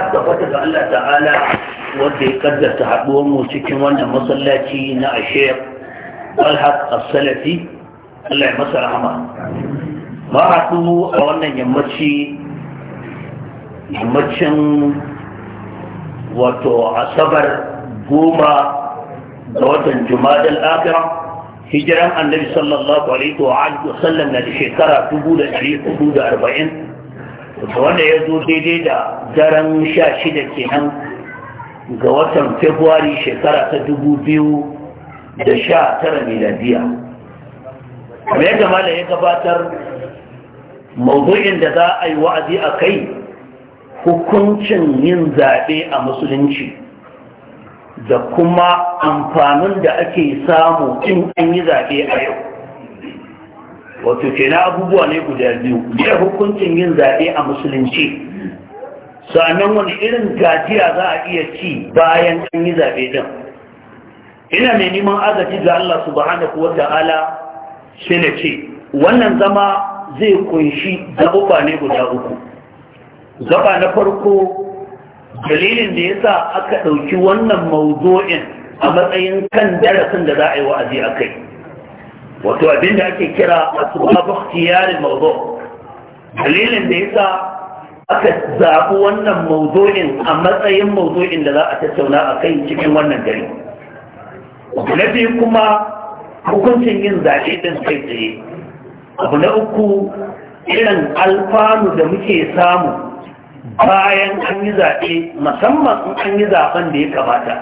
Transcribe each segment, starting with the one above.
ta tabbata ga Allah ta'ala wanda ya kaddata haɗuwar mu cikin wannan masallaci na ashir alhaq as-salafi Allah ya masa rahama ba haɗu a wannan yammaci yammacin wato asabar goma ga watan jumadal akira hijiran annabi sallallahu alaihi wa alihi wa sallam na shekara 1440 da wanda ya zo daidai da daren sha shida ke nan ga watan februari shekara ta dubu biyu da sha tara miladiya me yadda da ya gabatar mawdu'in da za a yi wa'azi a kai hukuncin yin zaɓe a musulunci da kuma amfanin da ake samu in an yi zaɓe a yau wato ke na abubuwa ne guda biyu jiya hukuncin yin zaɓe a musulunci sannan wani irin gajiya za a iya ci bayan an yi zaɓe ɗin ina mai neman agaji ga Allah subhanahu wa ta'ala shi ne ce wannan zama zai kunshi zaɓuɓa ne guda uku zaɓa na farko dalilin da ya sa aka ɗauki wannan mawuzo'in a matsayin kan darasin da za a yi wa'azi a kai wato abin da ake kira babu ikhtiyaril mawdu dalilin da yasa aka zaɓi wannan mawdu'in a matsayin mawdu'in da za a tattauna a kai cikin wannan gari na biyu kuma hukuncin yin zaɓe ɗin kai tsaye abu na uku irin alfanu da muke samu bayan an yi zaɓe musamman in an yi zaɓen da ya kamata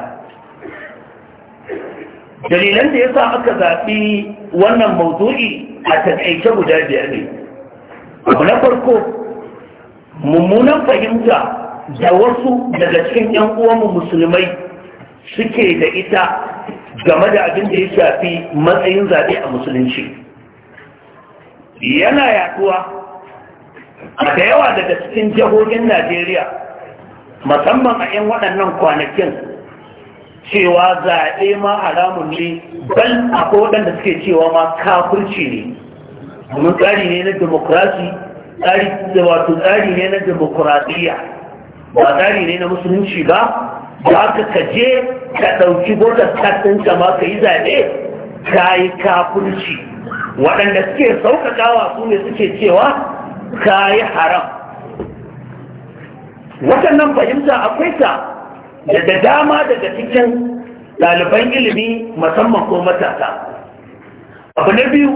dalilan da ya sa aka zaɓi wannan maudu'i a taƙaice guda biyar ne na farko mummunan fahimta da wasu daga cikin 'yan uwanmu musulmai suke da ita game da abin da ya shafi matsayin zaɓe a musulunci yana yaduwa a da yawa daga cikin jihohin najeriya musamman a 'yan waɗannan kwanakin cewa zaɓe ma haramun ne bal akwai waɗanda suke cewa ma kafirci ne domin tsari ne na demokrasi tsari da wato tsari ne na demokrasiya ba tsari ne na musulunci ba ba ka kaje ka ɗauki votar katinka ma ka yi zaɓe ka yi kafirci waɗanda suke sauƙaƙawa su ne suke cewa ka yi haram waɗannan fahimta akwai ta da da dama daga cikin ɗaliban ilimi musamman ko matasa abu na biyu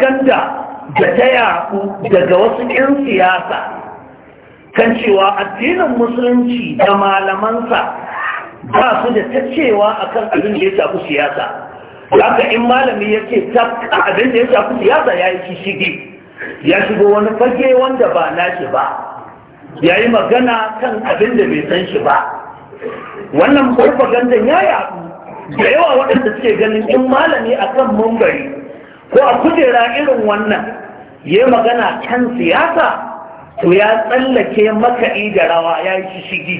ganda da ta yaku daga wasu 'yan siyasa kan cewa addinin musulunci da malamansa ba su da ta cewa a kan abin da ya shafi siyasa haka in malami ya ce abin da ya shafi siyasa ya yi shishigi ya shigo wani fage wanda ba nashi ba ya yi magana kan abin da bai san shi ba wannan farfagandan ya yaɗu da yawa waɗanda suke ganin in malami a kan mumbari ko a kujera irin wannan ya yi magana kan siyasa to ya tsallake maka'i da rawa ya yi shigi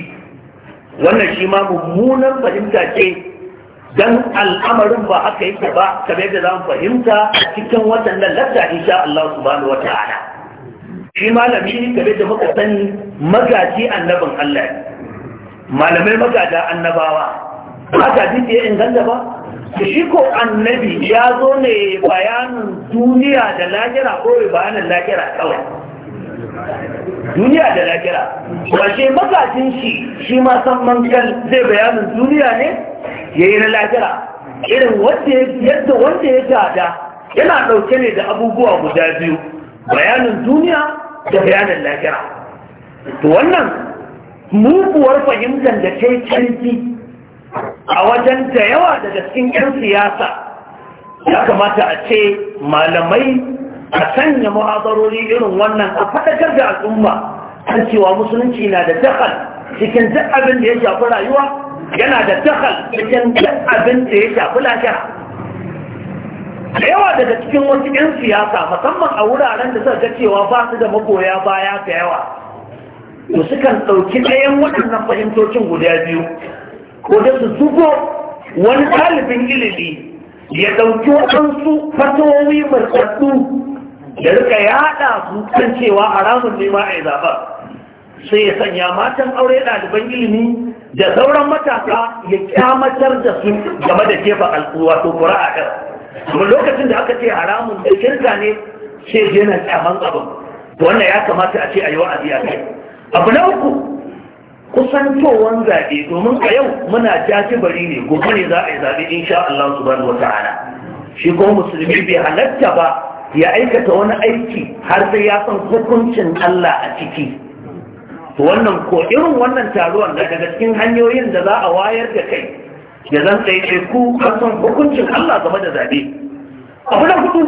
wannan shi ma mummunan fahimta ce don al'amarin ba haka yake ba kamar yadda za mu fahimta cikin waɗannan latta insha Allah subhanahu wa ta'ala shi malami game da muka sani magaji annabin Allah malamai magada annabawa magaji da ya inganta ba da shi ko annabi ya zo ne bayanin duniya da lahira ko bayanin lahira kawai duniya da lahira washe magajin shi shi ma san mankal zai bayanin duniya ne ya yi na lahira irin yadda wanda ya gada yana ɗauke ne da abubuwa guda biyu bayanin duniya da bayanin lahira wannan muguwar fahimtar da ta yi a wajen da yawa daga cikin 'yan siyasa ya kamata a ce malamai a sanya ma'azarori irin wannan a faɗakar da al'umma an cewa musulunci na da dakal cikin duk abin da ya shafi rayuwa yana da dakal cikin duk abin da ya shafi lafiya da yawa daga cikin wasu 'yan siyasa musamman a wuraren da suka ga cewa ba su da magoya baya da yawa to sukan ɗauki ɗayan waɗannan fahimtocin guda biyu ko da su zubo wani ɗalibin ilimi ya ɗauki waɗansu fatowi markaɗu da rika yaɗa su kan cewa haramun ne ma a yi zaɓa sai ya sanya matan aure ɗaliban ilimi da sauran matasa ya kyamatar da su game da jefa al'uwa to ƙura'a ɗin kuma lokacin da aka ce haramun da shirka ne sai yana tsaman abin wannan ya kamata a ce a yi wa'azi a kai abu na uku kusantowar zaɓe domin a yau muna bari ne gobe ne za a yi zaɓe insha Allah subhanahu wa ta'ala shi kuma musulmi bai halatta ba ya aikata wani aiki har sai ya san hukuncin Allah a ciki to wannan ko irin wannan taruwan da daga cikin hanyoyin da za a wayar da kai ya zan tsaye ku kasan hukuncin Allah game da zaɓe abu na hudu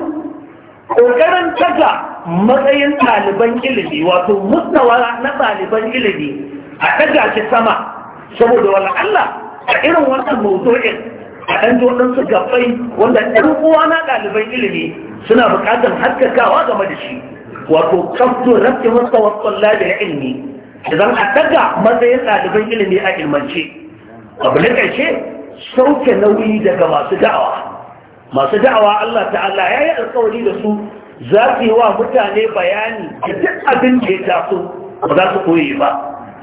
ƙoƙarin taga matsayin ɗaliban ilimi wato mustawa na ɗaliban ilimi a taga shi sama saboda wani Allah a irin wannan mawdu'in a ɗan jodan su gabai wanda ɗan uwa na ɗaliban ilimi suna buƙatar haskakawa game da shi wato kafto rafi mustawa tsallabi na ilimi idan a taga matsayin ɗaliban ilimi a ilmance abu na ƙarshe sauke nauyi daga masu da'awa masu da'awa Allah ta'ala ya yi alkawari da su za su yi wa mutane bayani da duk abin da ya taso ba za su koyi ba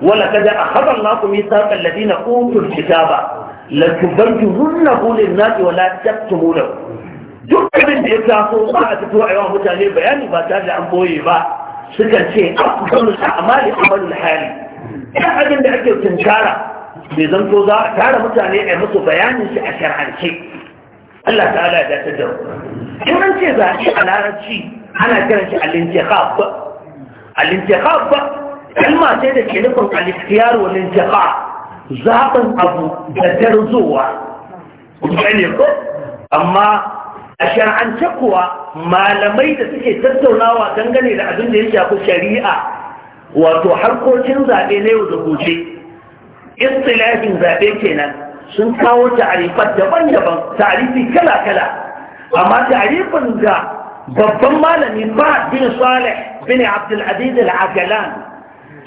wala da a haɓar na kuma yi saƙon na ƙuntun fita ba lantubar juhun na hulun nasi wala tattumuna duk abin da ya taso ba a fito a yawan mutane bayani ba tare da an boye ba sukan ce a kusurin a hali duk abin da ake tunkara bai zan ko za a tara mutane a musu bayanin shi a shar'ance Allah ala ya ta da in an ce zaɓe a larabci ana kiran shi al-intikhab al-intikhab kalma ce da ke nufin al-ikhtiyar wal intikhab zaɓin abu da darzowa gane ko amma a shar'ance kuwa malamai da suke tattaunawa dangane da abin da ya shafi shari'a wato harkokin zaɓe na yau da gobe اصطلاحين ذاتين كنان سن كاو تعريفات جبان جبان تعريفي كلا كلا اما تعريف انجا ببان مالا نباع بن صالح بن عبد العزيز العجلان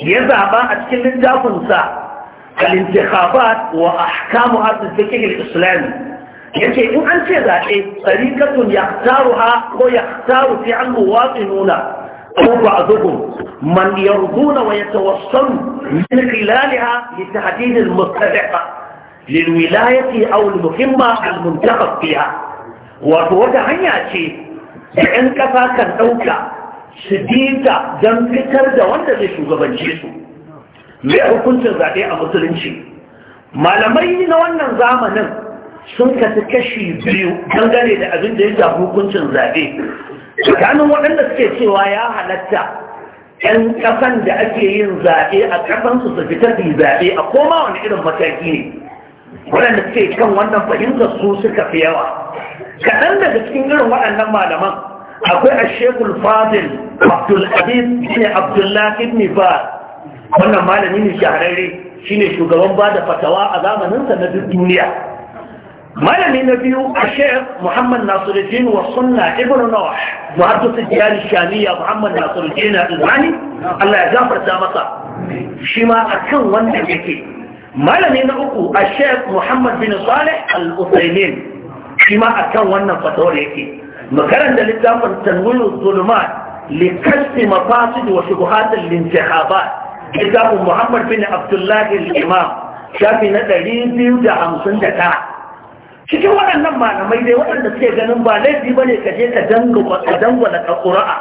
يذهب اتكل للجاف انسا الانتخابات واحكام هذا الفكر الاسلامي يكي ان انت ذاتي طريقة يختارها ويختار فعل مواطنونه أو بعضهم من يرضون ويتوصلوا من خلالها لتحديد المستحقة للولاية أو المهمة المنتخب فيها وتوجه هنياتي لأن كفاك الأوكا سديتا دم فتر دا وانت زي شو غبان جيسو لأهو كنت زادي أمسلنشي ما لمين وانا زامنا sun kasu kashi biyu dangane da abin da ya shafi hukuncin zaɓe tsakanin waɗanda suke cewa ya halatta ‘yan ƙasan da ake yin zaɓe a ƙasansu su fita su zaɓe a koma wani irin mataki ne waɗanda suke kan wannan fahimtar su suka fi yawa kaɗan daga cikin irin waɗannan malaman akwai a shekul fadil abdulaziz ne abdullahi ibn ba wannan malami ne shahararre shine shugaban ba da fatawa a zamaninsa na duk duniya malami na biyu a shek muhammad nasiruddin wa sunna ibn nawah muhaddis diyar shamiya muhammad nasiruddin al-albani Allah ya gafarta masa shi ma akan wanda yake malami na uku a shek muhammad bin salih al-usaimin shi ma akan wannan fatawar yake makaran da littafin tanwilu zulumat likasti mafasid wa shubuhatul lintihabat littafin muhammad bin abdullahi al-imam shafi na ɗari biyu da da hamsin 259 cikin waɗannan malamai dai waɗanda suke ganin ba laifi ba ne ka je ka dangwala ka ƙura'a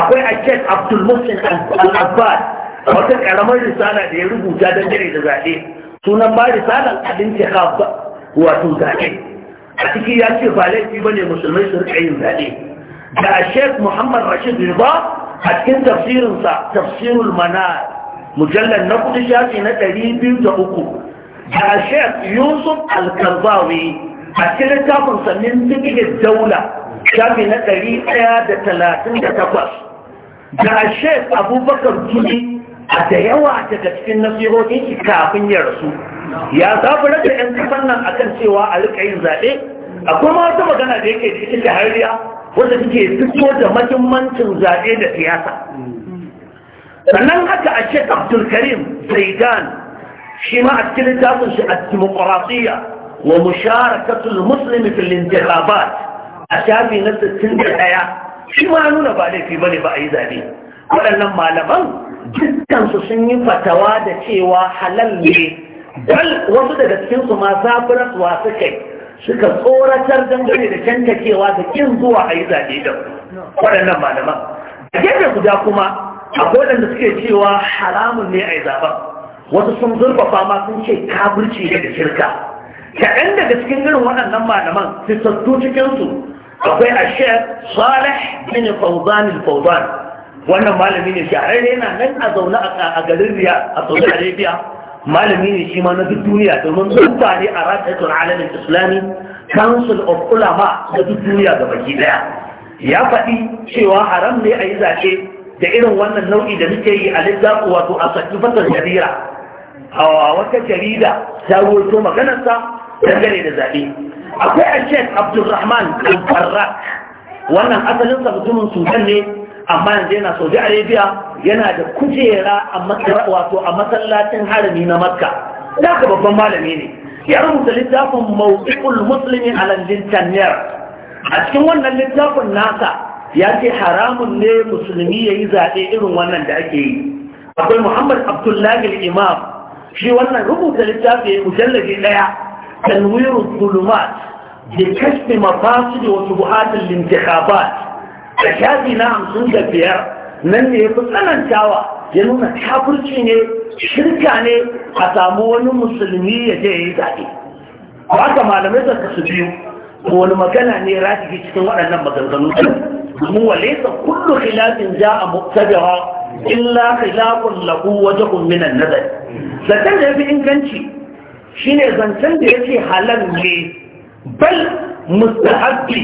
akwai a shek abdul musin al-abbad wata ƙaramar risala da ya rubuta dangane da zaɓe sunan ba risalar abin jihar wato zaɓe a ciki ya ce ba laifi ba ne musulmai su rika yin zaɓe da sheikh muhammad rashid riba a cikin tafsirinsa tafsirul mana mujallar na kudi shafi na ɗari biyu da uku da sheikh yusuf karbawi a cikin littafin sannin zikirin daula shafi na ɗari ɗaya da talatin da takwas da shek abubakar tuni a da yawa daga cikin nasihohin shi kafin ya rasu ya zaburar da 'yan kasan nan akan cewa a rika yin zaɓe akwai ma wata magana da yake cikin da hariya wanda suke fito da mahimmancin zaɓe da siyasa sannan haka a shek abdulkarim zaidan shi ma a cikin littafin shi a dimokuraɗiyya wa musharakatul muslimi fil intikhabat a shafi na 61 shi ma nuna ba laifi bane ba a yi zabe waɗannan malaman su sun yi fatawa da cewa halal ne bal wasu daga cikinsu ma zaburarwa suka suka tsoratar dangane da cewa da kin zuwa a yi zaɓe da waɗannan malaman a gefe guda kuma akwai waɗanda suke cewa haramun ne a yi wasu sun zurfafa ma sun ce kafirci ne da shirka kaɗan daga cikin irin waɗannan malaman fitattu cikinsu akwai ashef salih bin fawzan fawzan wannan malami ne shahararre yana nan a zaune a garin riya a saudi arabia malami ne shi ma na duk duniya domin zuba ne a ratatul alamin islami council of ulama na duk duniya ga baki daya ya faɗi cewa haram ne a yi zaɓe da irin wannan nau'i da muke yi a littafi wato a sakifatar jarira a wata jarida ta ruwaito maganarsa dangane da zaɓe akwai a abdulrahman al wannan asalinsa mutumin sudan ne amma yanzu yana saudi arabia yana da kujera a wato a masallacin harami na makka da babban malami ne ya rubuta littafin mawqi'ul muslimi ala lintaniyar a cikin wannan littafin nasa ya ce haramun ne musulmi ya yi zaɓe irin wannan da ake yi akwai muhammad abdullahi imam shi wannan rubuta littafi mujallabi ɗaya تنوير الظلمات لكشف مقاصد وشبهات الانتخابات فكافي نعم سنجا فيها من يقول أنا انتاوى ينونا تحبرتيني شركاني أتامو أنه مسلمي يجي إذاكي وعطا ما لم يزل تسبيو هو لما كان أني راتي في تسنوى أنا لما تنظلوك هو ليس كل خلاف جاء مقتدرا إلا خلاف له وجه من النذر ستنجا في إنكانشي shine zancen da yake halar ne bal mustahabbi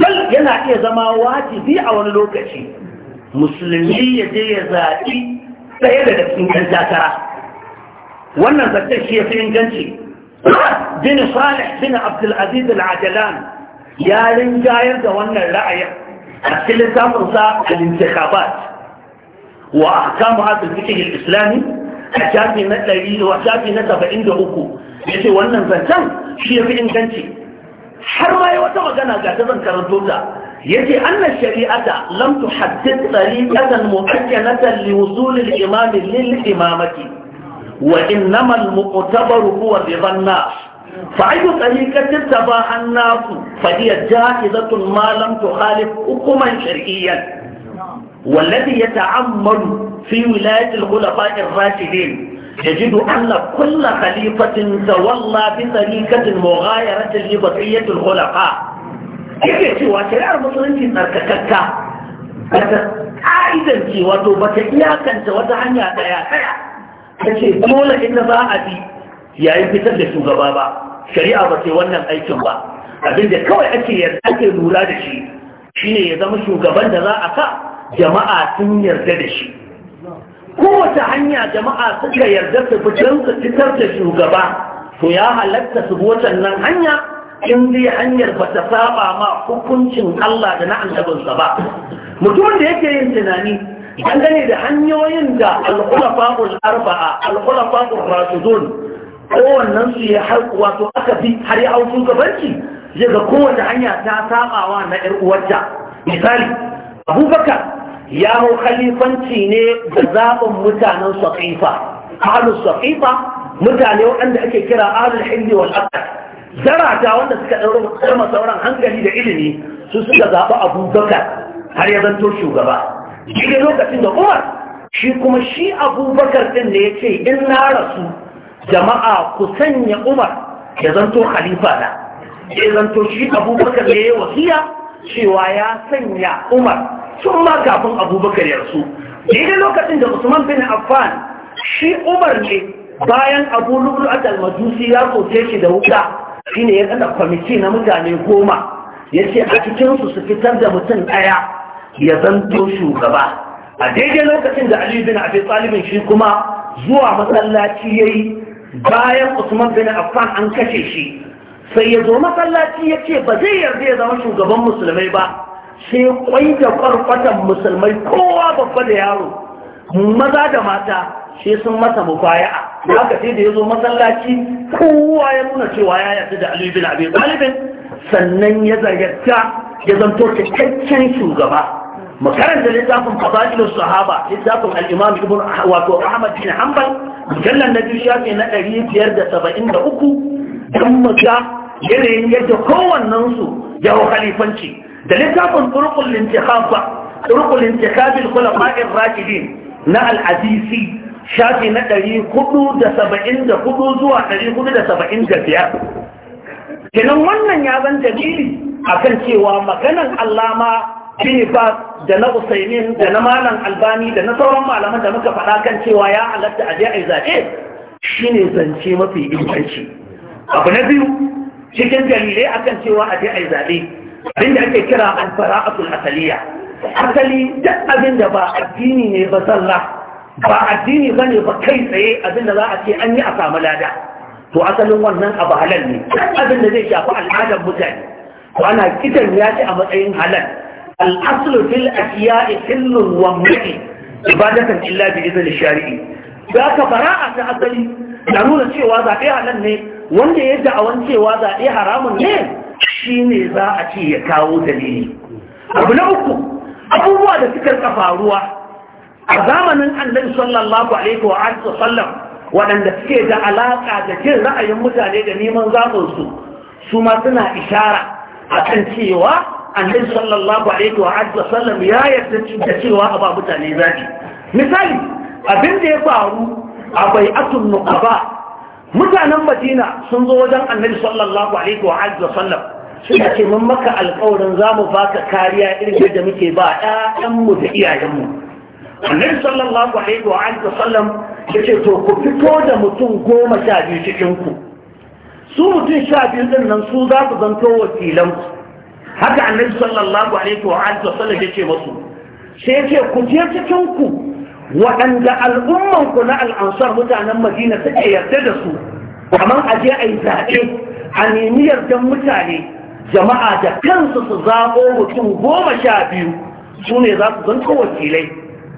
bal yana iya zama wajibi a wani lokaci musulmi ya je ya zaɓi ɗaya daga cikin ɗan takara wannan zancen shi ya fi inganci bin salih bin abdulaziz al ya rinjayar da wannan ra'ayin a cikin littafinsa al-intikabat wa ahkamu hadal fiqh islami a shafi na ɗari wa shafi na saba'in da uku ya ce wannan zancen shi ya fi inganci har ma ya wata magana ga ta zan karanto ta ya ce annan shari'ata lam tu haddith tariqatan mu'ayyanatan na wusul al-imam lil imamati wa innama al-muqtabar huwa bi dhanna fa ayu tariqatin tabaha an-nas fa hiya ja'izatun ma lam tukhalif hukuman shar'iyyan والذي يتعمل في ولايه الخلفاء الراشدين يجد ان كل خليفه تولى بطريقه مغايره لبقيه الخلفاء كيف يواجه المسلمين ارككك عائداً في وطوبك إياك أنت وضعني يا دايا حيا فشي قول إن ذاعتي يا إبت اللي سوغ بابا شريعة بطي ونم أي شمبا أبين دي كوي أكي يرأكي مولاد الشي شيني يزم سوغ بند ذاعتا jama'a sun yarda da shi kowace hanya jama'a suka yarda su fitar su fitar da shugaba to ya halatta su wacan nan hanya in dai hanyar ba ta saba ma hukuncin Allah da na annabinsa ba mutumin da yake yin tunani dangane da hanyoyin da alkulafaul arba'a al-khulafa'ur rashidun su ya har to aka bi har ya auku gabanci ya ga kowace hanya ta sabawa na ƴar uwarta misali abubakar ya hau khalifanci ne da zaɓin mutanen saƙifa ahlus saƙifa mutane waɗanda ake kira ahlul hilli wal aqd zarata wanda suka ɗaura masauran hankali da ilimi su suka zaɓi abubakar har ya zanto shugaba daga lokacin da umar shi kuma shi abubakar ɗin ne ya ce in na rasu jama'a ku sanya umar ya zanto khalifa na ya zanto shi abubakar ne ya wasiya cewa ya sanya umar tun ma kafin abubakar yarsu daidai lokacin da usman bin affan shi umar ne bayan abu lullu'at a dalmajusi ya soke shi da wuta ne ya kada kwamiti na mutane goma ya ce a cikinsu su fitar da mutum ɗaya ya zanto shugaba a daidai lokacin da aliyu bin abi talibin shi kuma zuwa masallaci ya yi bayan usman bin affan an kashe shi sai ya zo masallaci ya ce ba zai yarda ya zama shugaban musulmai ba She kwai da kwarkwatan musulmai kowa babba da yaro maza da mata shi sun masa da aka sai da ya zo masallaci kowa ya nuna cewa ya yarda da Ali bin Abi sannan ya zayyarta ya zanto cikakken shugaba makaranta littafin fadailu sahaba littafin al ibn wato Ahmad bin Hanbal mujallal na biyu shafi na ɗari biyar da da saba'in uku. dan maza yanayin yadda kowannensu su ya khalifanci da littafin turkul intikhab turkul intikhab al-khulafa ar-rashidin na al-azisi shafi na 474 zuwa 475 kenan wannan ya zan dalili akan cewa maganan allama Filifas da na Usaimin da na Malam Albani da na sauran malaman da muka faɗa kan cewa ya halatta a jiya zaɓe shine zance mafi inganci. Abu na biyu cikin dalilai akan cewa a jiya zaɓe abin da ake kira alfara'atul asaliya asali duk abin da ba addini ne ba sallah ba addini ba ne ba kai tsaye abin da za a ce an yi a samu lada to asalin wannan abu halal ne abinda abin da zai shafi al'adar mutane to ana kitan ya ce a matsayin halal al'aslu fil ashiya'i hillun wa mu'i ibadatan illa bi idhni shari'i da ka fara'a ta asali na nuna cewa zaɓe halal ne wanda ya da'awan cewa zaɓe haramun ne shi ne za a ce ya kawo dalili abu na uku abubuwa da suka kafa ruwa a zamanin annabi sallallahu alaihi wa su sallam waɗanda suke da alaƙa da jin ra'ayin mutane da neman zamansu, su ma suna ishara a kan cewa annabi sallallahu alaihi wa su sallam ya yarda da cewa a ba mutane zaɓi misali abin da ya faru a nuka ba. mutanen madina sun zo wajen annabi sallallahu alaihi wa alihi wasallam suna ce mun maka alƙawarin za mu baka kariya irin yadda muke ba mu da iyayen mu. annabi sallallahu alaihi wa alihi wasallam ya ce to ku fito da mutum goma sha biyu cikin ku su mutum sha biyu din nan su za su zanto wakilan ku haka annabi sallallahu alaihi wa alihi wasallam ya ce masu. sai ya ce ku je cikin ku waɗanda al'ummanku na al'ansar mutanen madina suke yarda da su kamar a je a yi zaɓe a nemi yardan mutane jama'a da kansu su zaɓo mutum goma sha biyu su ne za su zanto wakilai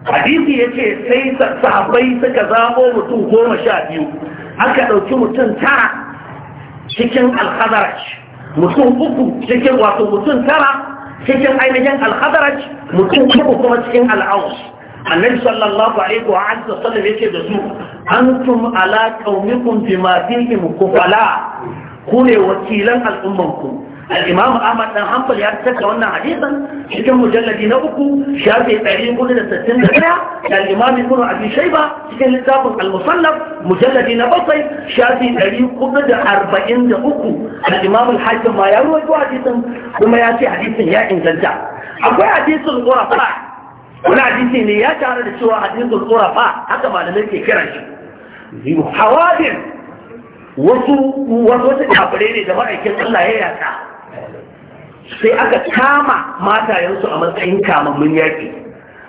hadisi ya ce sai sahabbai suka zaɓo mutum goma sha biyu aka ɗauki mutum tara cikin alhazaraj mutum uku cikin wato mutum tara cikin ainihin alhazaraj mutum uku kuma cikin al'aus annabi sallallahu alaihi wa alihi wasallam yake da su antum ala qaumikum bima fihim kufala ku ne wakilan al'ummanku al-imam ahmad dan hanbal ya tsaka wannan hadisan cikin mujalladi na uku shafi 461 da al-imam ibn abi shayba cikin littafin al-musannaf mujalladi na bakwai shafi 443 al-imam al-hakim ma ya ruwaito hadisan kuma ya ce hadisin ya inganta akwai hadisul qurafa wani hadisi ne ya tare da cewa tsora urafa haka malamai ke kiran shi hawadin wasu wasu kafire ne da ma'aikin Allah ya yaka sai aka kama matayensu a matsayin kamammun yaƙi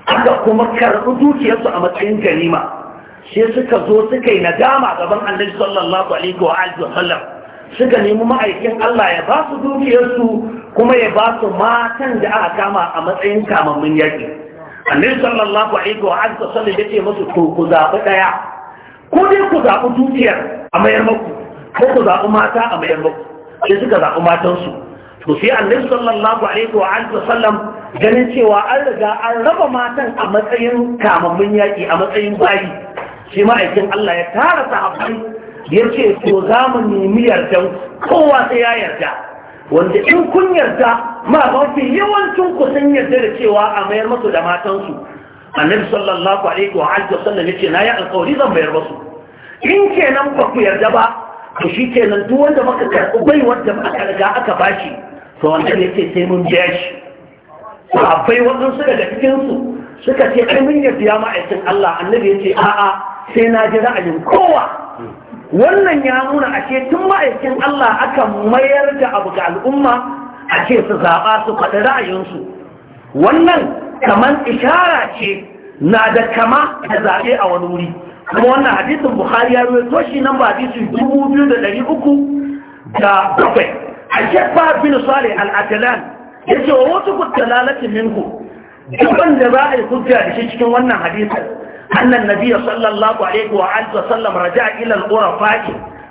aka kuma karɓi dukiyarsu a matsayin kanima, sai suka zo suka yi nadama gaban annabi sallallahu alaihi wa alihi wa suka nemi ma'aikin Allah ya ba su dukiyarsu kuma ya ba su matan da aka kama a matsayin kamammun yaƙi annabi sallallahu alaihi wa alihi wasallam yake musu to ku zabi daya ko dai ku zabi dukiyar a mayar maku ko ku zabi mata a mayar maku sai suka zabi matan su to sai annabi sallallahu alaihi wa alihi wasallam ganin cewa an riga an raba matan a matsayin kamammin yaki a matsayin bayi shi ma'aikin Allah ya tara sahabbai ya ce to za mu nemi yardan kowa sai ya yarda wanda in kun yarda ma mafi yawancin ku sun yarda da cewa a mayar masu da matansu annabi sallallahu alaihi wa alihi wasallam yace na yi alƙawari zan mayar masu in kenan ba ku yarda ba to shi kenan duk wanda muka karɓi bai wanda aka riga aka bashi to wanda yace sai mun biya shi sahabbai waɗansu daga cikinsu suka ce ai mun yarda ya Allah annabi yace a'a sai na ji ra'ayin kowa wannan ya nuna ashe tun ma'aikin Allah aka mayar da abu ga al'umma a ce su zaɓa su faɗi ra'ayinsu wannan kamar ishara ce na da kama da zaɓe a wani wuri kuma wannan hadisin bukhari ya ruwaito shi nan ba hadisi dubu biyu da ɗari uku da bakwai a ba bin salih al'adalan ya ce wa wasu kuttalalati minku dukkan da za a yi hujja da shi cikin wannan hadisin أن النبي صلى الله عليه وآله وسلم رجع إلى الغرفاء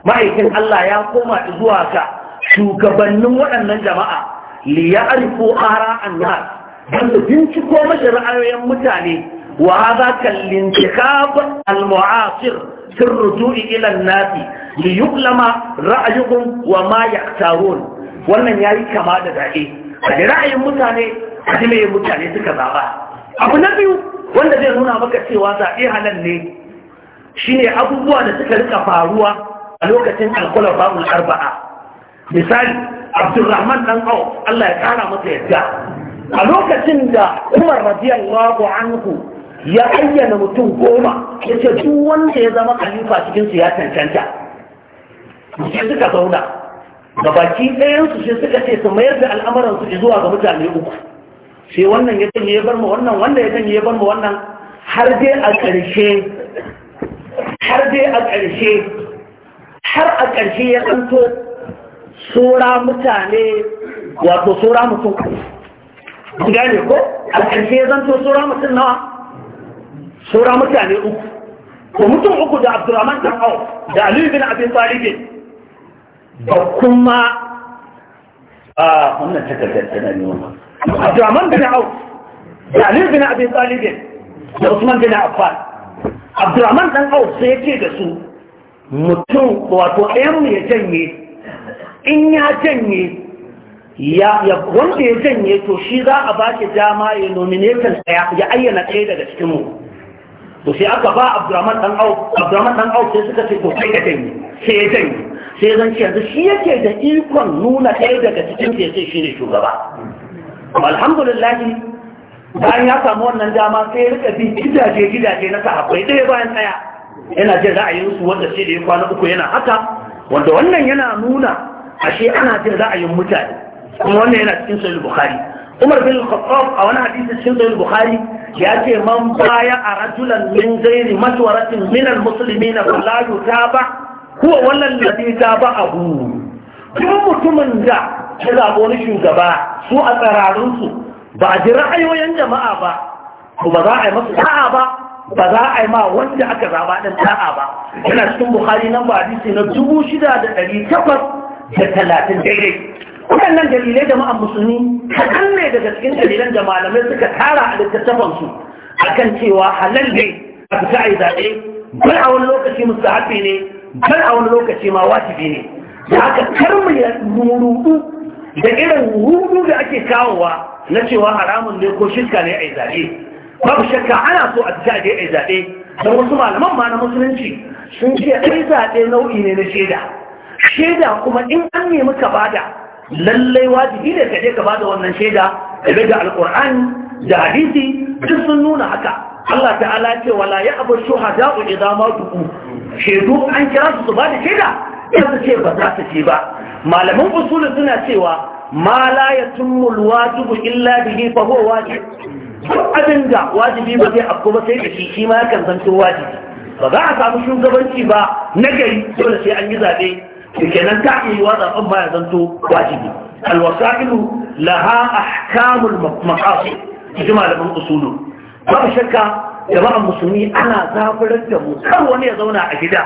ما يكن الله يقوم إذواك شو كبن وأن الجماعة ليعرفوا آراء الناس بل بنتكو مجرى يمتاني وهذا كالانتخاب المعاصر في الرجوع إلى الناس ليقلم رأيهم وما يختارون wannan ya yi kama da zaɓe a da ra'ayin mutane a ji mai mutane suka zaɓa abu na biyu wanda zai nuna maka cewa zaɓe halar ne shine abubuwa da suka rika faruwa a lokacin alkula ba'ul arba'a misali abdulrahman dan aw Allah ya kara masa yadda a lokacin da umar radiyallahu anhu ya ayyana mutum goma ya ce duk wanda ya zama kalifa cikin su ya cancanta mutum suka zauna baki ɗayan su shi suka ce su mayar da al'amuran su zuwa ga mutane uku sai wannan ya sanya ya bar mu wannan wanda ya sanya ya bar mu wannan har dai a ƙarshe har dai a ƙarshe har a ƙarshe ya tsanto sura mutane wato sura mutum gane ko a ƙarshe ya zanto sura mutum nawa sura mutane uku ko mutum uku da abdurrahman dan awo da aliyu bin abin talibin da kuma a ah, wannan takardar tana ne wannan abdurrahman bin auf da ali bin abi da usman bin عبد الرحمن بن عوف سيكي ده da su mutum wato يا mu ya janye in ya janye ya يا ya janye to shi za a ba shi dama ya nomination ya ayyana ɗaya daga cikin to sai aka ba abdurrahman dan auf abdurrahman dan sai suka ce to kai ka janye sai ya janye sai zan ce yanzu shi yake da ikon nuna ɗaya daga cikin ya sai shi ne shugaba alhamdulillahi bayan ya samu wannan dama sai rika bi gidaje gidaje na sahabbai ɗaya bayan ɗaya yana jin ra'ayinsu wanda shi da ya kwana uku yana haka wanda wannan yana nuna ashe ana jin ra'ayin mutane kuma wannan yana cikin sahih bukhari umar bin khattab a wani hadisi cikin sahih bukhari ya ce man baya a rajulan min ghairi maswaratin min almuslimin fala yutaba huwa wallan ladhi taba abu duk mutumin da ya zaɓi shugaba su a tsararunsu ba a ji ra'ayoyin jama'a ba ba za a yi masu ta'a ba ba za a yi ma wanda aka zaɓa ɗin ta'a ba yana cikin buhari nan ba hadisi na dubu shida da ɗari takwas da talatin daidai waɗannan dalilai jama'an musulmi kaɗan ne daga cikin dalilan da malamai suka tara a littattafansu akan cewa halal ne a fita a yi zaɓe bar a wani lokaci musu ne bar a wani lokaci ma wajibi ne da aka karmu ya da irin hudu da ake kawowa na cewa haramun ne ko shirka ne a zaɓe babu shakka ana so a fita je a yi zaɓe don wasu malaman ma na musulunci sun ce a zaɓe nau'i ne na shaida shaida kuma in an nemi ka bada lallai wajibi ne ka je ka bada wannan shaida game da alƙur'ani da hadisi duk sun nuna haka Allah ta'ala ce wala ya abu shuhada'u idza ma duku. shaidu an kira su su bada shaida sai ce ba za su ce ba malaman usulu suna cewa ma la yatimmu alwajibu illa bihi fa huwa wajib duk abin da wajibi ba zai afko ba sai da shi shi ma yakan zanto wajibi ba za a samu shugabanci ba na gari dole sai an yi zabe kenan ta yi wa zaben ba ya zanto wajibi alwasailu laha ahkamul maqasid ji malaman usulu babu shakka jama'an musulmi ana zafirar da mu kar wani ya zauna a gida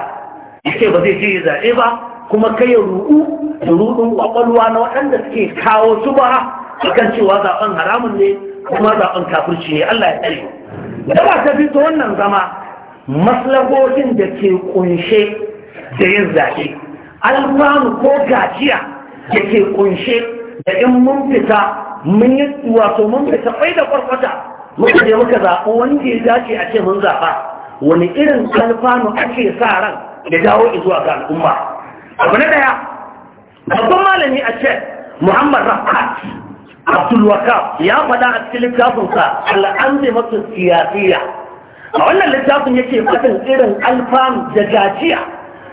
yake ba zai je ya zaɓe ba kuma kai ya ruɗu da ruɗun kwakwalwa na waɗanda suke kawo a kan cewa zaɓen haramun ne kuma zaɓen kafirci ne Allah ya tsare da ba ta fito wannan zama maslahohin da ke kunshe da yin zaɓe alfanu ko gajiya da ke kunshe da in mun fita mun yi wato mun fita kwai da kwarkwata muka je muka zaɓi wanda ya dace a ce mun zaɓa wani irin alfanu ake sa ran da dawo zuwa ga al'umma abu na daya babban malami a ce muhammad rahat abdulwaka ya faɗa a cikin littafinsa al'amdi masu siyasiya a wannan littafin yake faɗin irin alfanu da gajiya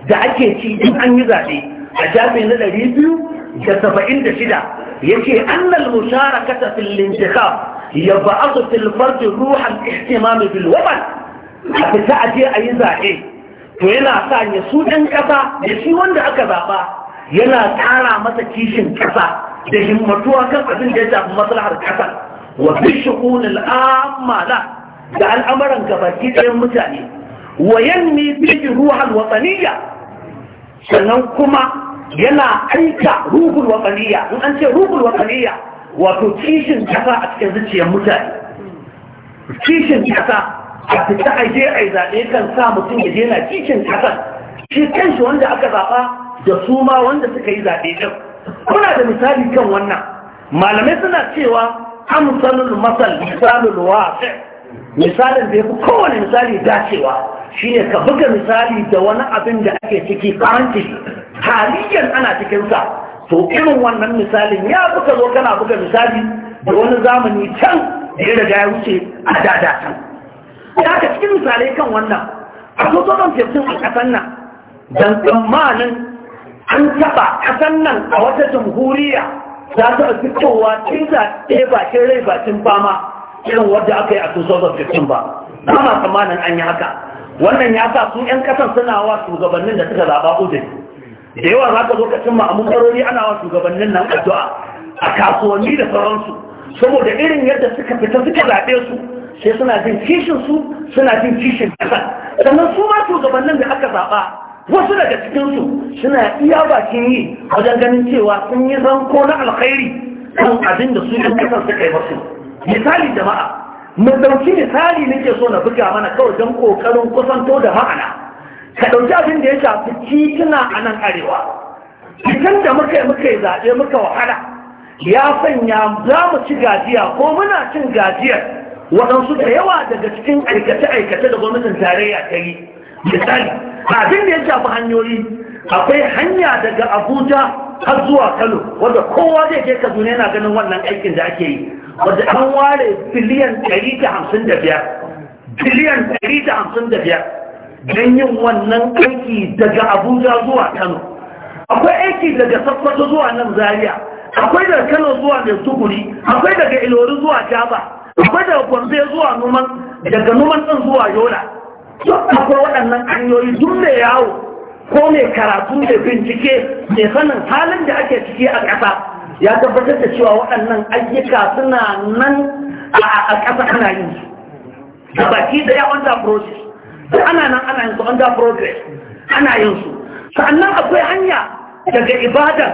da ake ci in an yi zaɓe a jami'in na ɗari biyu da saba'in da shida yake annal musharakata fil lintikab يبعث في الفرد روح الاهتمام بالوطن حتى أجي أي زائي to yana sa ya su ɗan ƙasa da shi wanda aka zaɓa yana ƙara masa kishin ƙasa da himmatuwa kan abin da ya shafi maslahar ƙasa wa fi shu'unil amala da al'amuran gabaki ɗayan mutane wa yanmi bihi ruhal wataniyya sannan kuma yana aika ruhul watsaniya. in an ce ruhul watsaniya. wato kishin ƙasa a cikin zuciyar mutane kishin ƙasa a fita a je a yi zaɓe kan sa mutum ya daina cikin ƙasar shi kanshi wanda aka zaɓa da su ma wanda suka yi zaɓe ɗin kuna da misali kan wannan malamai suna cewa amsalul masal misalul wasi misalin da ya fi kowane misali dacewa shi ne ka buga misali da wani abin da ake ciki karanci haliyan ana cikinsa to irin wannan misalin ya buka zo kana buga misali da wani zamani can da ya riga ya wuce a dada can da aka cikin misalai kan wannan a tekun a ƙasar nan don tsammanin an taɓa kasan nan a wata jamhuriya za ta fi fitowa cin zaɓe bakin rai bakin fama irin wadda aka yi a tekun ba na ma tsammanin an yi haka wannan ya sa su 'yan kasan suna wa shugabannin da suka zaɓa uzuri da yawa za ka zo ka cimma karori ana wa shugabannin nan addu'a a kasuwanni da sauransu saboda irin yadda suka fita suka zaɓe su sai suna jin kishin su suna jin kishin kasa sannan su ma shugabannin da aka zaɓa wasu daga cikinsu suna iya bakin yi wajen ganin cewa sun yi zanko na alkhairi kan abin da su yan kasar suka yi masu misali jama'a mu ɗauki misali nake so na buga mana kawai don kokarin kusanto da ma'ana ka ɗauki abin da ya shafi tituna a nan arewa fitan da muka yi muka yi zaɓe muka wahala ya sanya za mu ci gajiya ko muna cin gajiyar waɗansu da yawa daga cikin aikace-aikace da gwamnatin tarayya ta yi misali abin da ya shafi hanyoyi akwai hanya daga abuja har zuwa kano wadda kowa zai je kaduna yana ganin wannan aikin da ake yi wadda an ware biliyan 155 biliyan 155 don yin wannan aiki daga abuja zuwa kano akwai aiki daga sakkwato zuwa nan zaria akwai daga kano zuwa mai tukuri. akwai daga ilori zuwa jaba akwai daga gombe zuwa numan daga numan ɗin zuwa yola akwai waɗannan hanyoyi duk mai yawo ko mai karatu da bincike mai sanin halin da ake ciki a ƙasa ya tabbatar da cewa waɗannan ayyuka suna nan a ƙasa ana yin su da baki da ya under process da ana nan ana yin su under progress ana yin su sannan akwai hanya daga ibadan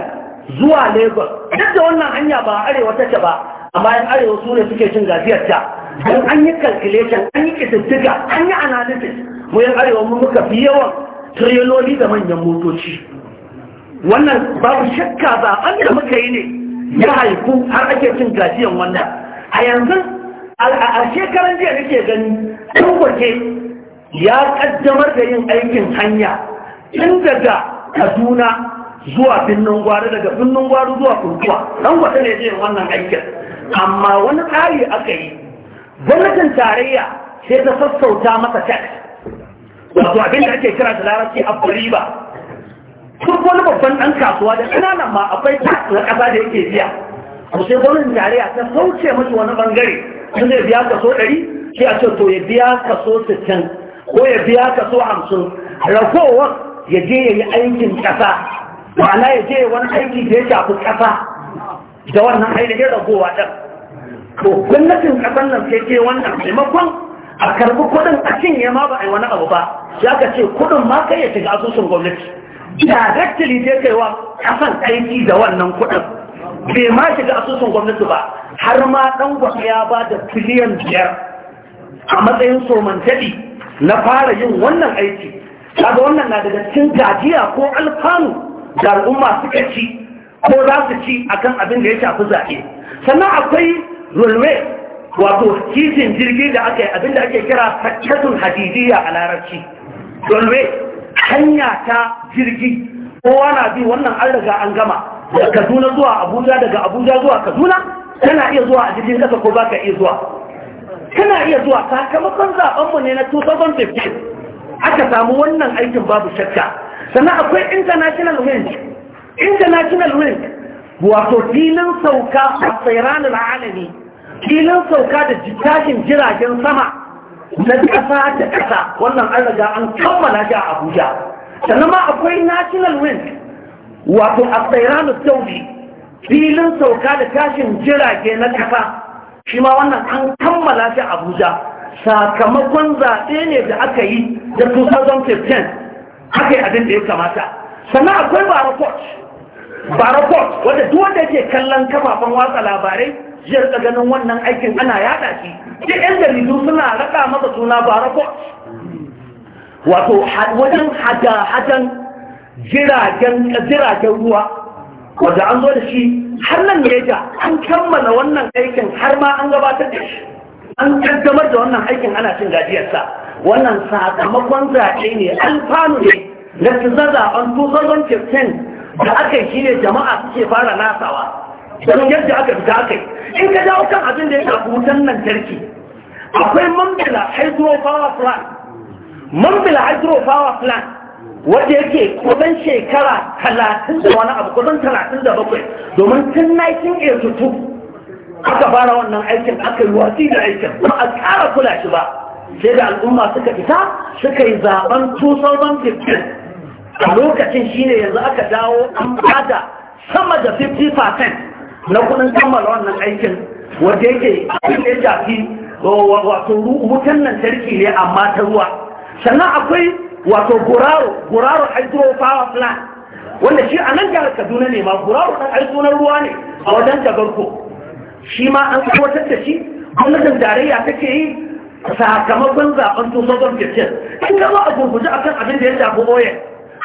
zuwa lagos duk da wannan hanya ba arewa ce ba amma arewa su ne suke cin gajiyar ta don an yi calculation an yi kisittika an yi analysis mu yan arewa mun muka fi yawan triloli da manyan motoci wannan babu shakka ba an da muka yi ne ya haifu har ake cin gajiyar wannan a yanzu a shekaran jiya nake gani ɗan waje ya kaddamar da yin aikin hanya tun daga kaduna zuwa binnin gwari daga binnin gwari zuwa kurkuwa ɗan waje ne zai wannan aikin amma wani tsari aka yi gwamnatin tarayya sai ta sassauta masa tax wato abin da ake kira da larabci a riba duk wani babban ɗan kasuwa da ƙananan ma akwai tax na ƙasa da yake biya to sai gwamnatin tarayya ta sauce mashi wani bangare sun zai biya kaso ɗari sai a ce to ya biya kaso sittin ko ya biya kaso hamsin ragowar ya je ya yi aikin ƙasa ma'ana ya je wani aiki da ya shafi ƙasa da wannan ainihin ragowa ɗan to gwamnatin ƙasar nan sai ce wannan maimakon a karbi kuɗin a cinye ma ba a yi wani abu ba ya ka ce kuɗin ma kai ya shiga asusun gwamnati directly sai wa ƙasan aiki da wannan kuɗin bai ma shiga asusun gwamnati ba har ma ɗan gwamnati ya ba da biliyan biyar a matsayin somantali na fara yin wannan aiki kaga wannan na daga cikin gajiya ko alfanu da al'umma suka ci ko za su ci akan abin da ya shafi zaɓe sannan akwai rulwe wato kitin jirgi da aka yi abin da ake kira sakkatun hadidiyya a larabci rulwe hanya ta jirgi kowa na bi wannan an riga an gama da kaduna zuwa abuja daga abuja zuwa kaduna tana iya zuwa a jirgin kasa ko ba ka iya zuwa tana iya zuwa sakamakon zaɓenmu ne na 2015 aka samu wannan aikin babu shakka sannan akwai international wind international wing wato filin sauka a tsiranin alami filin sauka da tashin jiragen sama na ƙasa da ƙasa wannan an an kammala shi a abuja sannan ma akwai national wing wato a tsiranin saudi filin sauka da tashin jirage na ƙasa shi ma wannan an kammala shi a abuja sakamakon zaɓe ne da aka yi da 2015 aka yi abin da ya kamata sannan akwai barakot ba report wanda duk wanda yake kallon kafafen watsa labarai jiyar da ganin wannan aikin ana yada shi ke yan jaridu suna raka masa suna ba report wato wajen hada-hadan jiragen ruwa wanda an zo da shi har nan neja an kammala wannan aikin har ma an gabatar da shi an kaddamar da wannan aikin ana cin gajiyarsa wannan sakamakon zaɓe ne alfanu ne na zaɓen 2015 da aka yi shi ne jama'a suke fara nasawa don yadda aka fita aka yi in ka jawo kan abin da ya shafi wutan lantarki akwai mambila hydro power plant mambila hydro power plant wadda yake kusan shekara talatin da wani abu kusan talatin da bakwai domin tun 1982 aka fara wannan aikin aka yi watsi da aikin ba a tsara kula shi ba sai da al'umma suka fita suka yi zaben 2015 a lokacin shine yanzu aka dawo an bada sama da 50% na kudin kammala wannan aikin wanda yake abin ya shafi wato wutan tarki ne amma ta ruwa sannan akwai wato guraro guraro hydro power plant wanda shi a nan jihar kaduna ne ma guraro ɗan aiki ruwa ne a wajen tabarko shi ma an kawatar da shi gwamnatin tarayya take yi sakamakon zaben 2015 an gaba a gurguje akan abin da ya shafi oil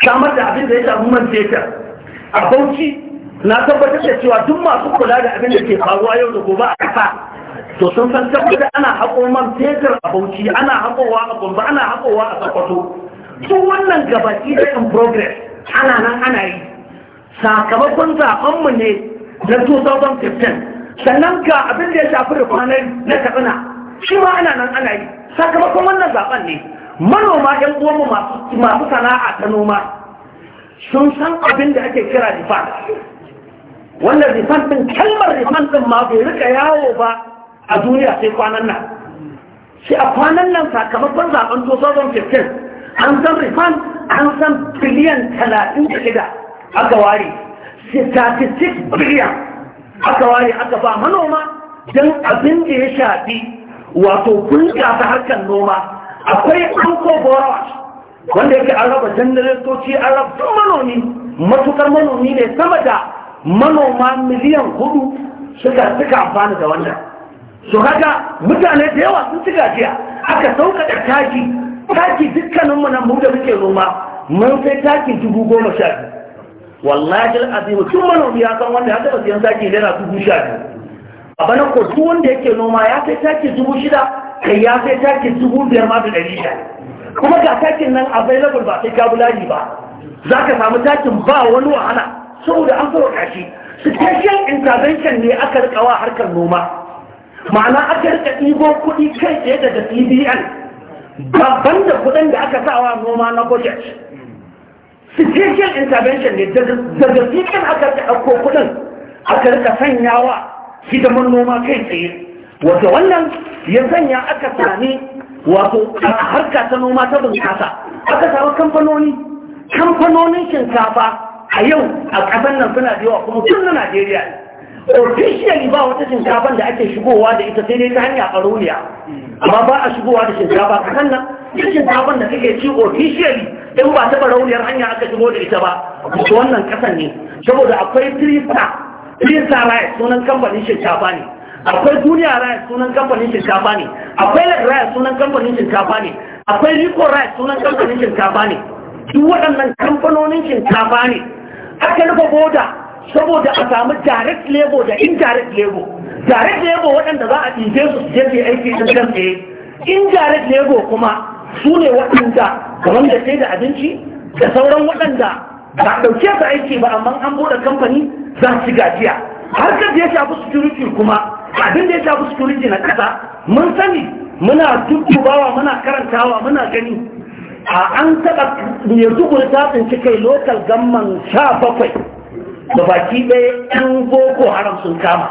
samar da abin da ya samu man fetur a bauchi na tabbatar da cewa duk masu kula da abin da ke faruwa yau da gobe a kasa to sun san tabbatar ana haƙo man fetur a bauchi ana haƙowa a gombe ana haƙowa a sakwato duk wannan gabaki da in progress ana nan ana yi sakamakon zaɓenmu ne na 2015 sannan ga abin da ya shafi da kwanar na taɓina shi ma ana nan ana yi sakamakon wannan zaɓen ne manoma ɗan uwanmu masu sana'a ta noma sun san abin da ake kira rifan wannan rifan ɗin kalmar rifan ɗin ma bai rika yawo ba a duniya sai kwanan nan Sai a kwanan nan sakamakon zaben 2015 an san rifan an san biliyan 36 aka ware 36 biliyan aka ware aka ba manoma don abin da ya shafi wato kun ta harkar noma akwai anko bora wanda yake an raba jandaratoci an raba manomi matukar manomi ne sama da manoma miliyan hudu suka suka amfana da wannan su haka mutane da yawa sun ci jiya aka sauka da taki taki dukkaninmu nan mu da muke noma mun sai taki dubu goma sha biyu wallahi al'azim tun manomi ya san wanda ya taɓa siyan taki naira dubu sha biyu a bana ko duk wanda yake noma ya kai taki dubu shida kai ya sai taki dubu biyar ma da ɗari shida kuma ga takin nan available ba sai ka bulari ba za ka samu takin ba wani wahala saboda an sauka kashi. special intervention ne aka rikawa harkar noma ma'ana aka rika ɗibo kuɗi kai tsaye daga cbn babban da kuɗin da aka sawa noma na budget special intervention ne daga cbn aka rika ɗauko kuɗin aka rika sanyawa hidimar noma kai tsaye wato wannan ya sanya aka sami wato harka ta noma ta bunƙasa aka samu kamfanoni kamfanonin shinkafa a yau a ƙasar nan suna da yawa kuma tun na najeriya ne officially ba wata shinkafan da ake shigowa da ita sai dai ta hanya ɓaroniya amma ba a shigowa da shinkafa a kan nan ita shinkafan da kake ci officially in ba ta ɓaroniyar hanya aka shigo da ita ba to wannan ƙasar ne saboda akwai trista trista rice sunan kamfanin shinkafa ne akwai duniya raya sunan kamfanin shinkafa ne akwai lag raya sunan kamfanin shinkafa ne akwai riko raya sunan kamfanin shinkafa ne duk waɗannan kamfanonin shinkafa ne aka rufe boda saboda a samu direct labor da indirect labor direct labor waɗanda za a ɗinke su su jefe aiki ɗin kan indirect labor kuma su ne waɗanda kamar da sai da abinci da sauran waɗanda ba ɗauke su aiki ba amma an buɗe kamfani za su gajiya harkar da ya shafi security kuma abin da ya shafi security na kasa mun sani muna tuttubawa muna karantawa muna gani a an taɓa yanzu kuri ta tsinci kai lokal gamman sha bakwai da baki ɗaya ɗan boko haram sun kama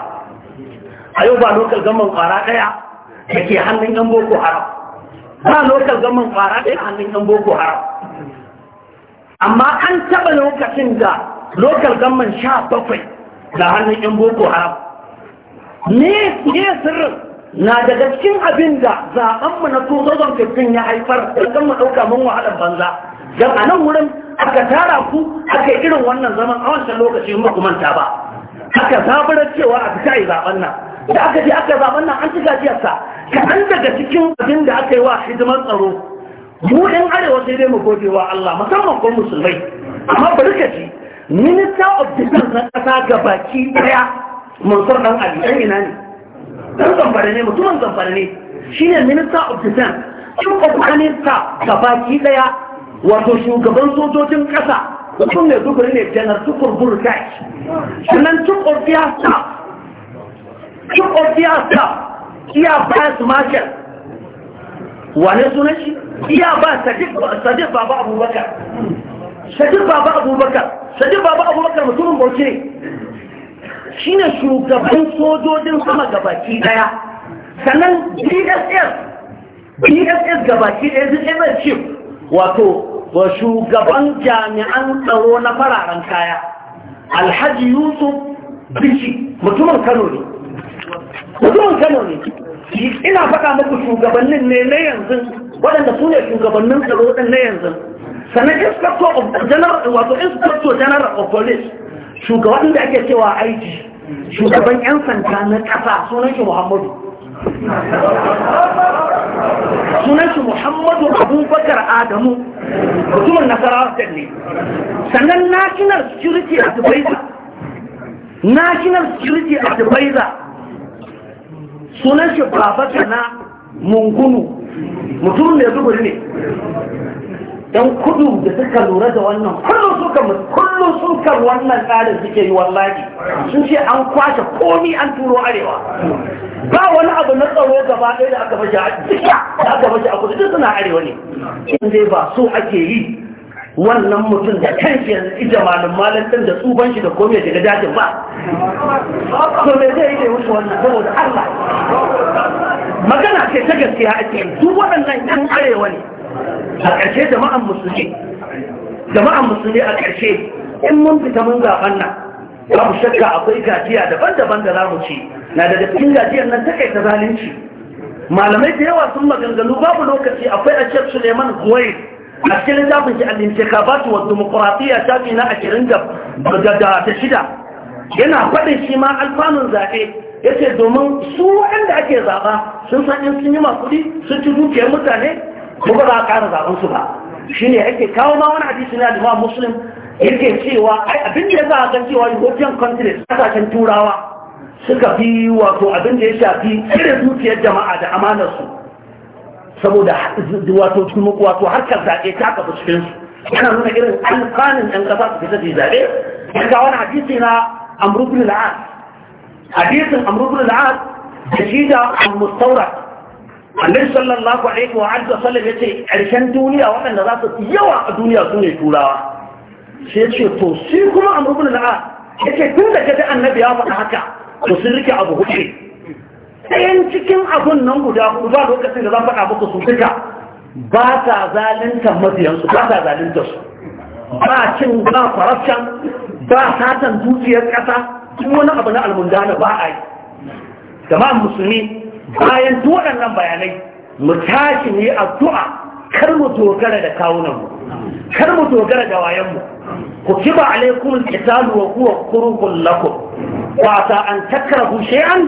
a yau ba lokal gamman ƙwara ɗaya da ke hannun ɗan boko haram ba lokal gamman ƙwara ɗaya hannun ɗan boko haram amma an taɓa lokacin da lokal gamman sha bakwai da hannun ɗan boko haram ne ne sirrin na daga cikin abin da mu na 2015 ya haifar da kan mu ɗauka mun wahalar banza don a nan wurin aka tara ku aka irin wannan zaman a wancan lokacin ba manta ba aka zaburar cewa a fita yi zaɓen nan da aka je aka zaɓen nan an ci gajiyarsa an daga cikin abin da aka yi wa hidimar tsaro mu ɗan arewa sai dai mu gode wa Allah musamman ko musulmai amma bari ka minister of defense na ƙasa ga baki ɗaya mansur dan ali dan ina ne dan zamfara ne mutumin zamfara ne shine minister of defense chief of army staff baki daya wato shugaban sojojin kasa mutum mai dukuri ne janar tukur burkai sannan tukur biya staff tukur biya staff iya bias marshal wane sunan shi iya ba sadiq baba abubakar sadiq baba abubakar sadiq baba abubakar mutumin bauchi ne Shi ne shugaban sojojin sama gabaki daya sannan dss dss gabaki daya zai mai ce wato wa shugaban jami'an tsaro na fararen kaya alhaji yusuf bishi mutumin kano ne mutumin kano ne ina faɗa muku shugabannin ne na yanzu waɗanda su ne shugabannin tsaro ɗin na yanzu sannan inspector of general wato inspector general of police shugaban da ake cewa aiki shugaban 'yan santa na ƙasa sunan shi muhammadu sunan shi muhammadu abubakar adamu mutumin wata ne sannan national security advisor national security advisor sunan shi babaka na mungunu mutumin da ya zuburi ne don kudu da suka lura da wannan kullum sukan kullum sukan wannan tsarin suke yi wallahi sun ce an kwashe komi an turo arewa ba wani abu na tsaro gaba ɗaya da aka baje a duka da aka baje a kudu duk suna arewa ne in dai ba so ake yi wannan mutum da kanshi yanzu ija malin malin ɗin da tsuban shi da komai daga dajin ba to me zai yi da wuce wannan saboda Allah magana ce ta gaskiya ake duk waɗannan ɗan arewa ne a ƙarshe jama'an musulmi jama'an musulmi a ƙarshe in mun fita mun zaɓen nan mu shakka akwai gajiya daban-daban da za mu ci na daga cikin gajiyar nan ta zalunci malamai da yawa sun maganganu babu lokaci akwai a shek suleiman kuwait a cikin littafin shi alince ka ba wa demokuraɗiyya shafi na ashirin da shida yana faɗin shi ma alfanun zaɓe ya ce domin su waɗanda ake zaɓa sun san in sun yi kuɗi, sun ci dukiyar mutane ko ba a ƙara zaben su ba shine ake kawo ma wani hadisi na Imam Muslim yake cewa ai abin da za a kan cewa European countries kasashen turawa suka fi wato abin da ya shafi irin zuciyar jama'a da amanar su saboda wato wato harkar zaɓe ta kafa cikin su yana nuna irin alƙanin ɗan ƙasa su fita su zaɓe ga wani hadisi na Amr ibn hadisin Amr ibn da shi da al annabi sallallahu alaihi wa alihi wasallam yace ƙarshen duniya waɗanda za su yawa a duniya su ne turawa sai ce to shi kuma amru bin la'a yace tun da kaji annabi ya faɗa haka to sun rike abu hudu ɗayan cikin abun nan guda hudu ba lokacin da zan faɗa muku su duka ba sa zalunta mabiyansu ba sa zalunta su ba cin ba farashan ba satan dukiyar ƙasa duk wani abu na almundana ba a yi Jama'an musulmi bayan duk waɗannan bayanai mu tashi ne addu'a kar mu dogara da kawunan mu kar mu dogara da wayan mu kutiba alaikum al-qitalu wa huwa kurhun lakum wa ta an takara shay'an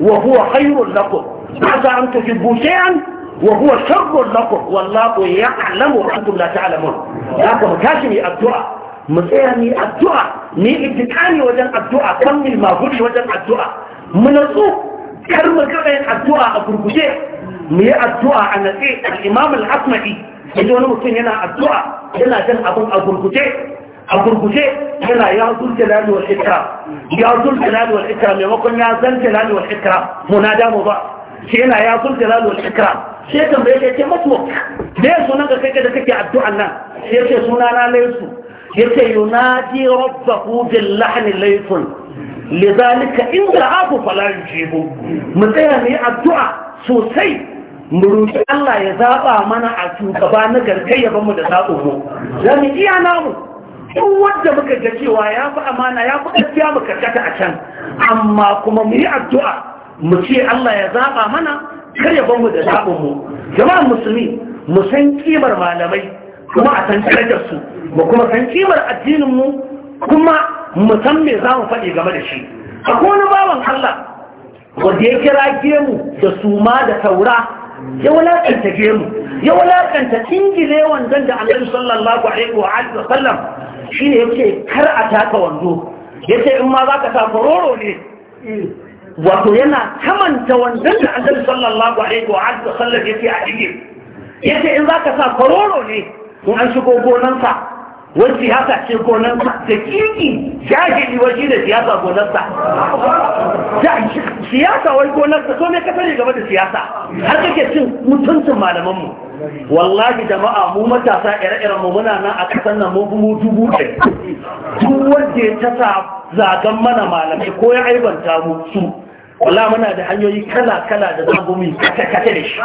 wa huwa khayrun lakum wa ta an tuhibbu shay'an wa huwa sharrun lakum wallahu ya'lamu wa antum la ta'lamun haka mu tashi ne addu'a mu tsaya ni addu'a ni ittikani wajen addu'a kammil maghuri wajen addu'a mu nutsu. kar mu kaba yin addu'a a gurguje mu yi addu'a a natse al-imam al-asma'i yaji wani mutum yana addu'a yana jan abin a gurguje a gurguje yana ya zul jalali wal ikram ya zul jalali wal ikram maimakon ya zan jalali wal ikram munada mu ba shi yana ya zul jalali wal ikram shi ya tambaye ya ce mutuwa me ya sunan ka kai da kake addu'an nan sai ya ce suna na laisu ya ce yunadi rabbahu bil lahni laifin lizalika inda abu fala yujibu mu tsaya ne addu'a sosai mu roki Allah ya zaba mana a shugaba na garkai ya bamu da zaɓo mu za mu iya namu duk wanda muka ga cewa ya fi amana ya fi gaskiya mu karkata a can amma kuma mu yi addu'a mu ce Allah ya zaba mana kar ya bamu da zaɓo mu jama'an musulmi mu san kimar malamai kuma a san darajar mu kuma san kimar addinin mu kuma Musamman za mu faɗi game da shi akwai wani bawan Allah wanda ya kira gemu da suma da taura ya wulakanta gemu ya wulakanta ingile wanzan da annabi sallallahu alaihi wa sallam Shi shine yake kar a taka wando yace in ma zaka ta kororo ne wato yana kamanta wanzan da annabi sallallahu alaihi wa sallam yake a dige yace in zaka sa kororo ne in an shigo gonansa Wai siyasa ce gonarsa da kiki jahili wani da siyasa gonarsa siyasa wai gonarsa so mai kasar gaba da siyasa har kake cin mutuncin malamanmu wallahi jama'a mu matasa ire-iren mu muna nan a kasan nan mun mu dubu ɗaya duk wanda ya ta sa zagan mana malamai ko ya aibanta mu su wala muna da hanyoyi kala-kala da za mu kace kata-kata da shi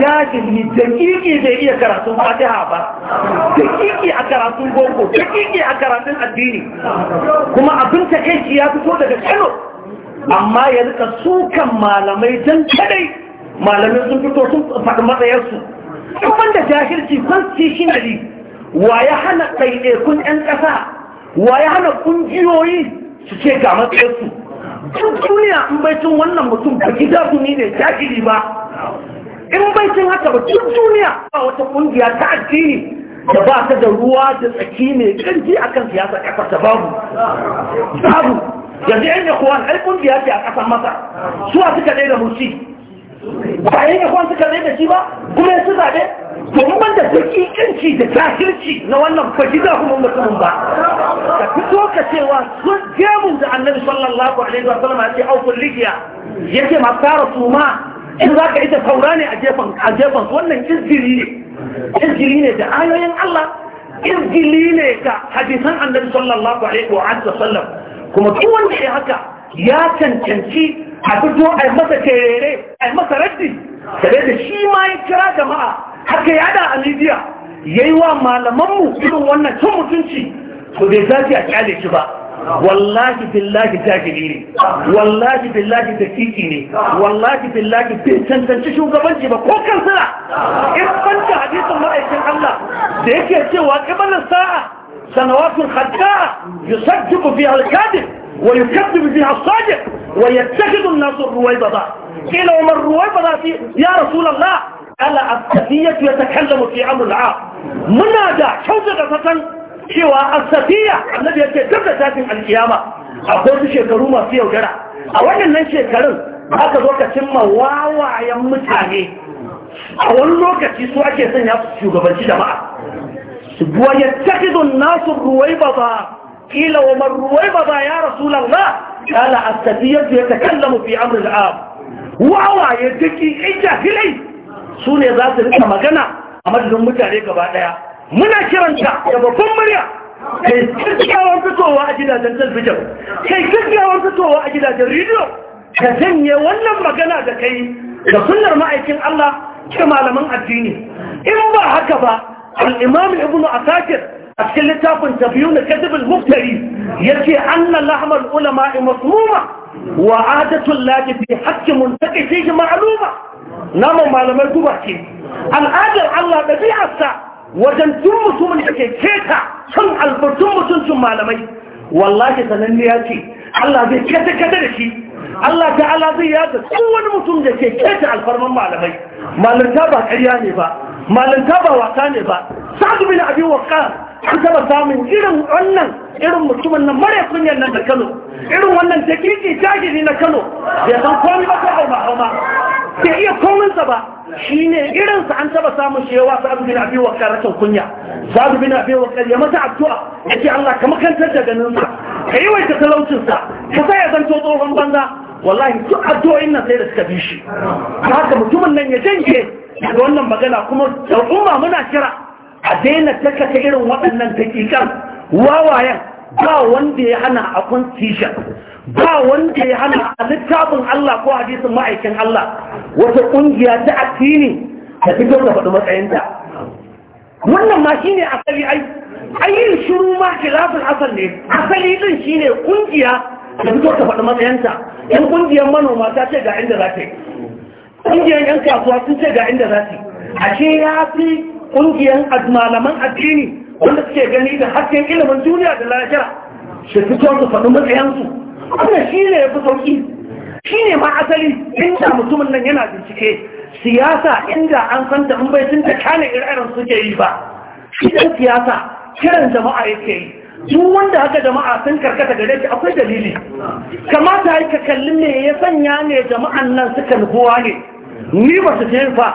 jahili dakiki bai iya karatun fatiha ba dakiki a karatun boko dakiki a karatun addini kuma abin shi ya fito daga kano amma ya rika sukan malamai dan kadai malamai sun fito sun faɗi matsayarsu kuma wanda jahilci constitutionally wa ya hana ɗaiɗaikun 'yan ƙasa wa ya hana ƙungiyoyi su ce ga matsayarsu duk duniya in bai cin wannan mutum ba gida gumi ne jajiri ba in bai cin haka ba duk duniya ba wata kungiya ta addini da ba ta da ruwa da tsaki mai kanji akan siyasa kasar ta babu babu yanzu yan yakuwan ai kungiya ce a kasar masa suwa suka ɗaya da musi ba yan yakuwan suka ɗaya da shi ba kuma ya su zaɓe domin da dakikanci da tashirci na wannan fashi za kuma mutumin ba ka fito ka cewa sun jemun da annabi sallallahu alaihi wa sallam ya ce aukun ligiya yake ma tsara su ma in za ka ita saura ne a jefan wannan izgiri ne izgiri ne da ayoyin Allah izgiri ne ga hadisan annabi sallallahu alaihi wa sallam kuma duk wanda ya haka ya cancanci a fito a masa terere a masa raddi tare da shi ma ya kira jama'a aka yada a media yayi wa malamanmu irin wannan cin mutunci to bai zafi a kyale shi ba wallahi billahi jahili ne wallahi billahi dakiki ne wallahi billahi bai cancanci shugabanci ba ko kan kansila in banta hadisin ma'aikin Allah da yake cewa kimanin sa'a sanawatul khadda'a yusajjibu fiha al-kadhib wa yukaththibu fiha as-sadiq wa yattakhidhu an-nasu ruwaybada qila umar ruwaybada ya rasulullah al'asafiya ya takallamu fi amrul a muna da kyautata fatan cewa asafiya annabi yake duk da tashin alkiyama akwai su shekaru masu yaudara a wannan shekarun aka zo ka cimma wawayen mutane a wani lokaci su ake sanya su shugabanci jama'a wa yattakhidhu an-nasu ba, qila wa man ba ya rasulullah qala as-sadiyatu yatakallamu fi amri al-am wawaye daki filai? su ne za su rika magana a madadin mutane gaba daya muna kiranta da babban murya kai kirkiyawar fitowa a gidajen talbijin kai kirkiyawar fitowa a gidajen rediyo ka janye wannan magana da kai da sunnar ma'aikin Allah da malaman addini in ba haka ba al-imam ibn asakir a cikin littafin tabiyu na kadibul muftari yace anna lahamar ulama masmuma wa adatul laji fi mun muntaqi shi ma'luma naman malamai guba ce al'adar Allah ɗabi'arsa wajen tun mutumin da ke keta tun albartun mutuncin malamai wallahi sananniya ce Allah zai keta kata da shi Allah ta'ala zai yada duk wani mutum da ke keta alfarman malamai malanta ba ƙarya ne ba malanta ba wasa ne ba sa'adu bin abin waqqas an taba samun irin wannan irin mutumin nan mara kunyar nan da kano irin wannan tekiki jagiri na kano bai san komi ba ko hauma hauma bai iya kominsa ba shi ne irinsa an taba samun shi yawa sa'adu bin abi wakar rashin kunya sa'adu bin abi wakar ya mata addu'a yake Allah ka makantar da ganinsa ka yi waita talaucinsa ka sai ya zanto tsohon banza wallahi duk addu'o'in nan sai da suka bi shi haka mutumin nan ya janye Da wannan magana kuma da umma muna kira a daina takata irin waɗannan takikan wawayen ba wanda ya hana a tishan ba wanda ya hana a littafin Allah ko hadisin ma'aikin Allah wata ƙungiya ta addini ta fito da faɗi matsayinta wannan ma shine asali ai ayin shiru ma khilafin asal ne asali din shine ƙungiya ta fito da faɗi matsayinta yan ƙungiyar manoma ta ce ga inda za ta yi ƙungiyar yan kasuwa sun ce ga inda za ta yi ashe ya fi ƙungiyar malaman addini wanda suke gani da hasken ilimin duniya da lahira su fito su faɗi matsayansu wannan shi ne ya fi sauƙi shi ne ma asali inda mutumin nan yana bincike siyasa inda an san da in bai sun ta kane irin suke yi ba shi ɗan siyasa kiran jama'a yake yi duk wanda haka jama'a sun karkata gare shi akwai dalili kamata ya ka kalli me ya sanya ne jama'an nan suka nufuwa ne ni ba su ce fa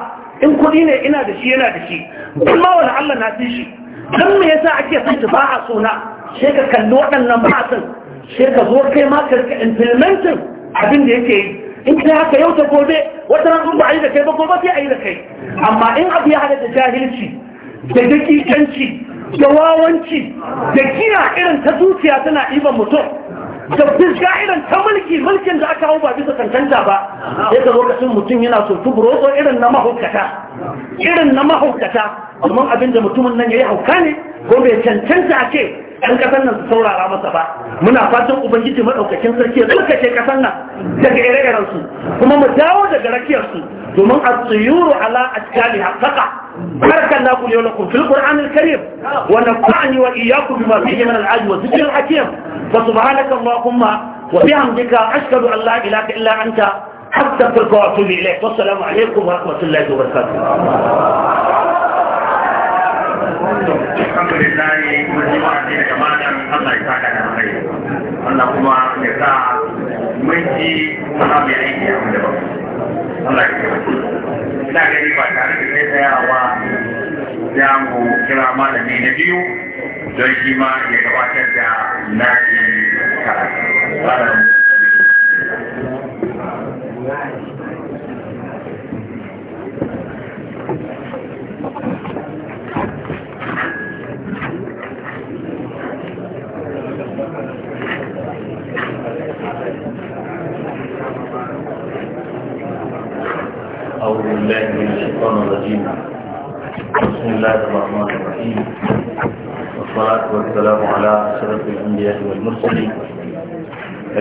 in kuɗi ne ina da shi yana da shi don wani Allah na fi shi don me yasa ake son ba a suna sai ka kalli waɗannan matan sai ka zo kai ma ka rika implementin abin da yake yi in kai haka yau ta gobe wata ran ba a yi da kai ba gobe sai a yi da kai amma in abu ya hada da jahilci da dakikanci da wawanci da kina irin ta zuciya tana iban mutum da fisga irin ta mulki mulkin da aka hau ba bisa tantanta ba sai ka lokacin mutum yana so tuburo irin na mahaukata irin na mahaukata domin abinda mutumin nan ya yi hauka ne ko bai cancanta a ce ɗan ƙasar nan su saurara masa ba muna fatan ubangiji maɗaukakin sarki ya tsarkace ƙasar nan daga ire-irensu kuma mu dawo daga rakiyarsu domin a tsayuru ala a tsali haƙaƙa بارك الله لي ولكم في القرآن الكريم ونفعني وإياكم بما فيه من العجل والذكر الحكيم فسبحانك اللهم وبحمدك أشهد أن لا إله إلا أنت حتى تلك وأتوب إليك والسلام عليكم ورحمة الله وبركاته الحمد لله والجمعة جمالا الله يسعدك الخير اللهم يسعد منك ولا بعيد يا الله يسعدك ina gani ba tare da zai tsayawa za mu kira malami na biyu don shi ma ya gabatar da nashi karatu. أعوذ بالله من الشيطان الرجيم بسم الله الرحمن الرحيم والصلاة والسلام على أشرف الأنبياء والمرسلين